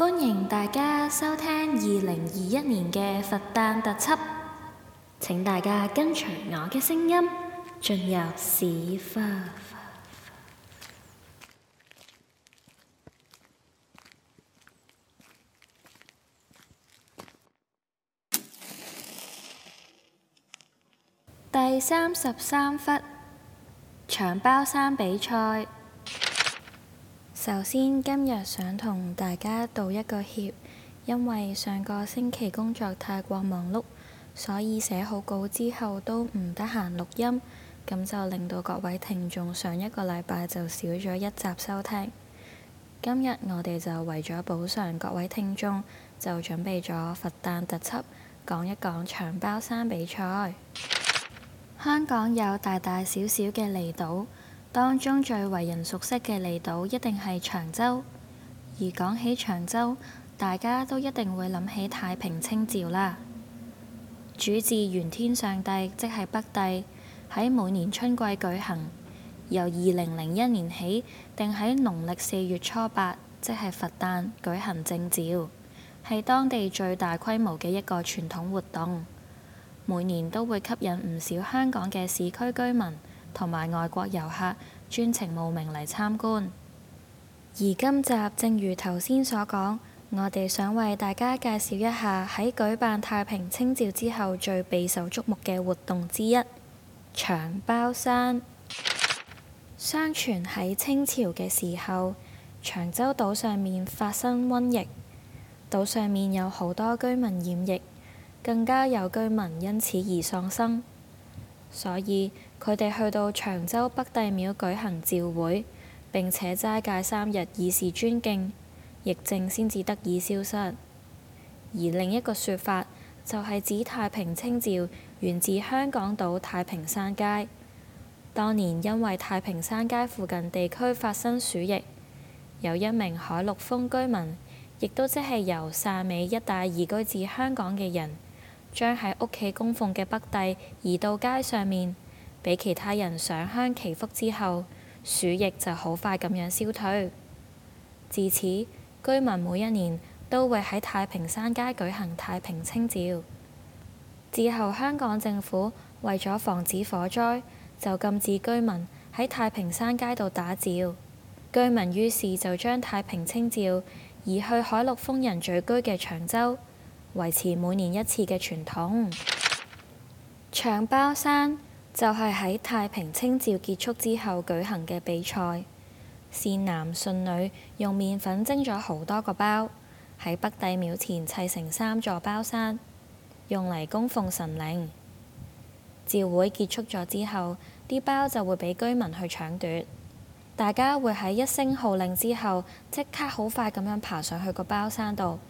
歡迎大家收聽二零二一年嘅佛誕特輯。請大家跟隨我嘅聲音，進入史窟。第三十三窟搶包山比賽。首先，今日想同大家道一個歉，因為上個星期工作太過忙碌，所以寫好稿之後都唔得閒錄音，咁就令到各位聽眾上一個禮拜就少咗一集收聽。今日我哋就為咗補償各位聽眾，就準備咗佛誕特輯，講一講長包山比賽。香港有大大小小嘅離島。當中最為人熟悉嘅離島，一定係長洲。而講起長洲，大家都一定會諗起太平清照醮啦。主祀元天上帝，即係北帝，喺每年春季舉行，由二零零一年起定喺農曆四月初八，即係佛誕舉行正醮，係當地最大規模嘅一個傳統活動，每年都會吸引唔少香港嘅市區居民。同埋外國遊客專程慕名嚟參觀。而今集正如頭先所講，我哋想為大家介紹一下喺舉辦太平清醮之後最備受矚目嘅活動之一——搶包山。相傳喺清朝嘅時候，長洲島上面發生瘟疫，島上面有好多居民染疫，更加有居民因此而喪生，所以佢哋去到長洲北帝廟舉行召會，並且齋戒三日以示尊敬，疫症先至得以消失。而另一個說法就係指太平清醮源自香港島太平山街，當年因為太平山街附近地區發生鼠疫，有一名海陸豐居民，亦都即係由汕尾一帶移居至香港嘅人，將喺屋企供奉嘅北帝移到街上面。畀其他人上香祈福之後，鼠疫就好快咁樣消退。自此，居民每一年都會喺太平山街舉行太平清醮。之後，香港政府為咗防止火災，就禁止居民喺太平山街度打醮。居民於是就將太平清醮移去海陸豐人聚居嘅長洲，維持每年一次嘅傳統。搶包山就係喺太平清醮結束之後舉行嘅比賽，善男信女用麵粉蒸咗好多個包，喺北帝廟前砌成三座包山，用嚟供奉神靈。醮會結束咗之後，啲包就會俾居民去搶奪，大家會喺一聲號令之後即刻好快咁樣爬上去個包山度，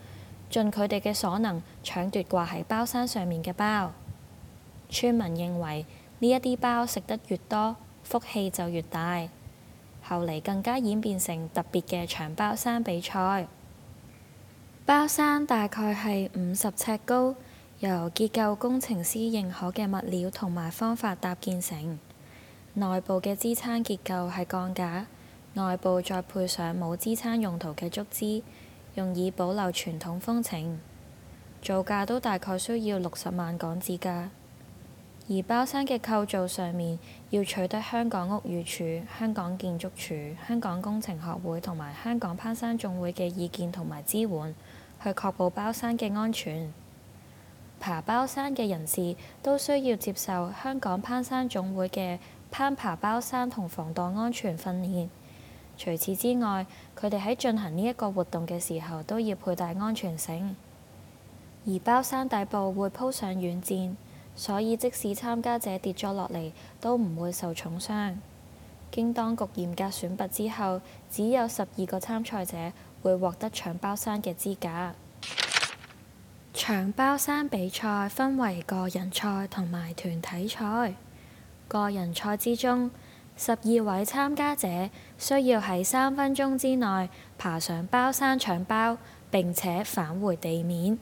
盡佢哋嘅所能搶奪掛喺包山上面嘅包。村民認為。呢一啲包食得越多，福氣就越大。後嚟更加演變成特別嘅搶包山比賽。包山大概係五十尺高，由結構工程師認可嘅物料同埋方法搭建成。內部嘅支撐結構係鋼架，外部再配上冇支撐用途嘅竹枝，用以保留傳統風情。造價都大概需要六十萬港紙㗎。而包山嘅構造上面，要取得香港屋宇署、香港建築署、香港工程學會同埋香港攀山總會嘅意見同埋支援，去確保包山嘅安全。爬包山嘅人士都需要接受香港攀山總會嘅攀爬包山同防盜安全訓練。除此之外，佢哋喺進行呢一個活動嘅時候，都要佩戴安全繩。而包山底部會鋪上軟墊。所以，即使參加者跌咗落嚟，都唔會受重傷。經當局嚴格選拔之後，只有十二個參賽者會獲得搶包山嘅資格。搶包山比賽分為個人賽同埋團體賽。個人賽之中，十二位參加者需要喺三分鐘之內爬上包山搶包，並且返回地面。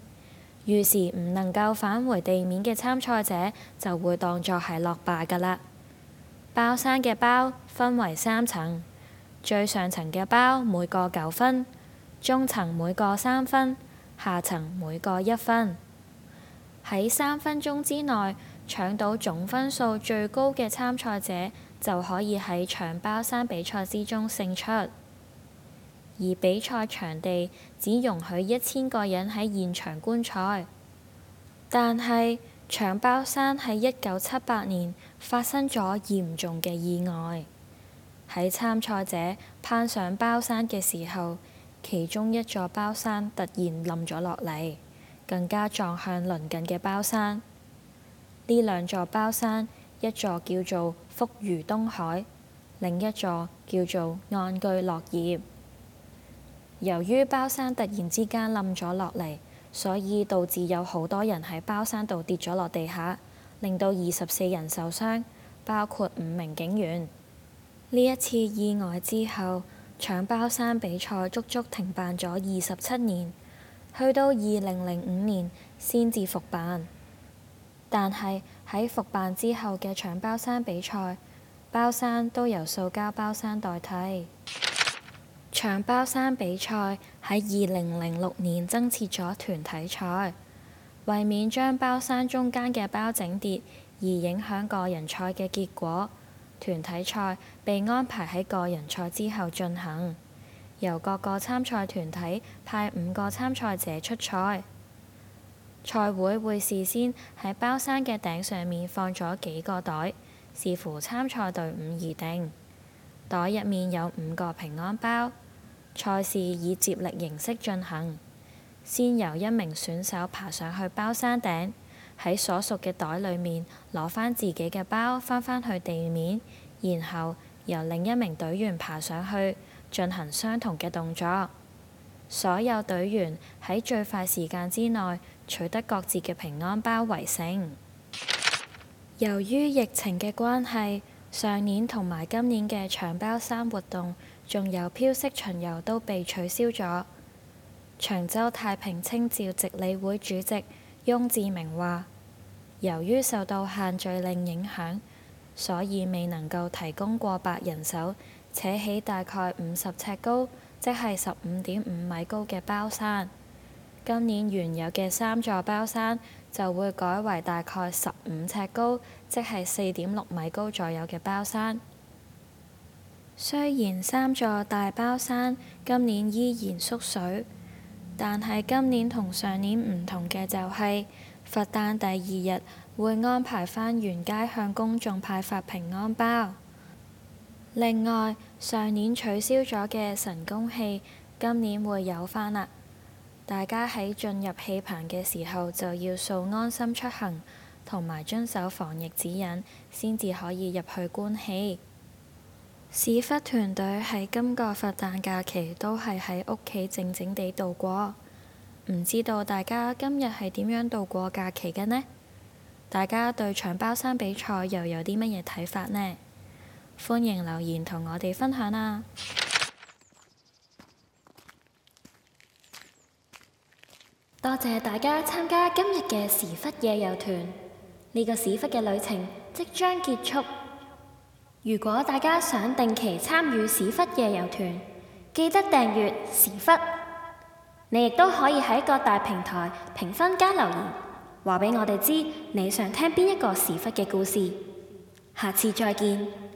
於是唔能夠返回地面嘅參賽者就會當作係落敗㗎啦。包山嘅包分為三層，最上層嘅包每個九分，中層每個三分，下層每個一分。喺三分鐘之內搶到總分數最高嘅參賽者就可以喺搶包山比賽之中勝出。而比賽場地只容許一千個人喺現場觀賽，但係搶包山喺一九七八年發生咗嚴重嘅意外，喺參賽者攀上包山嘅時候，其中一座包山突然冧咗落嚟，更加撞向鄰近嘅包山。呢兩座包山，一座叫做福如東海，另一座叫做安居樂業。由於包山突然之間冧咗落嚟，所以導致有好多人喺包山度跌咗落地下，令到二十四人受傷，包括五名警員。呢一次意外之後，搶包山比賽足足停辦咗二十七年，去到二零零五年先至復辦。但係喺復辦之後嘅搶包山比賽，包山都由塑膠包山代替。搶包山比賽喺二零零六年增設咗團體賽，為免將包山中間嘅包整跌而影響個人賽嘅結果，團體賽被安排喺個人賽之後進行。由各個參賽團體派五個參賽者出賽，賽會會事先喺包山嘅頂上面放咗幾個袋，視乎參賽隊伍而定。袋入面有五個平安包。賽事以接力形式進行，先由一名選手爬上去包山頂，喺所屬嘅袋裏面攞翻自己嘅包，翻返去地面，然後由另一名隊員爬上去進行相同嘅動作。所有隊員喺最快時間之內取得各自嘅平安包為勝。由於疫情嘅關係，上年同埋今年嘅搶包山活動，仲有飄色巡遊都被取消咗。長洲太平清醮直理會主席翁志明話，由於受到限聚令影響，所以未能夠提供過百人手，扯起大概五十尺高，即係十五點五米高嘅包山。今年原有嘅三座包山就會改為大概十五尺高，即係四點六米高左右嘅包山。雖然三座大包山今年依然縮水，但係今年同上年唔同嘅就係佛誕第二日會安排返沿街向公眾派發平安包。另外，上年取消咗嘅神功戲，今年會有返啦。大家喺進入戲棚嘅時候就要掃安心出行，同埋遵守防疫指引，先至可以入去觀戲。史窟團隊喺今個佛誕假期都係喺屋企靜靜地度過，唔知道大家今日係點樣度過假期嘅呢？大家對搶包山比賽又有啲乜嘢睇法呢？歡迎留言同我哋分享啊！多謝大家參加今日嘅史窟夜遊團，呢個史窟嘅旅程即將結束。如果大家想定期參與史窟夜遊團，記得訂閱史窟。你亦都可以喺各大平台評分加留言，話俾我哋知你想聽邊一個史窟嘅故事。下次再見。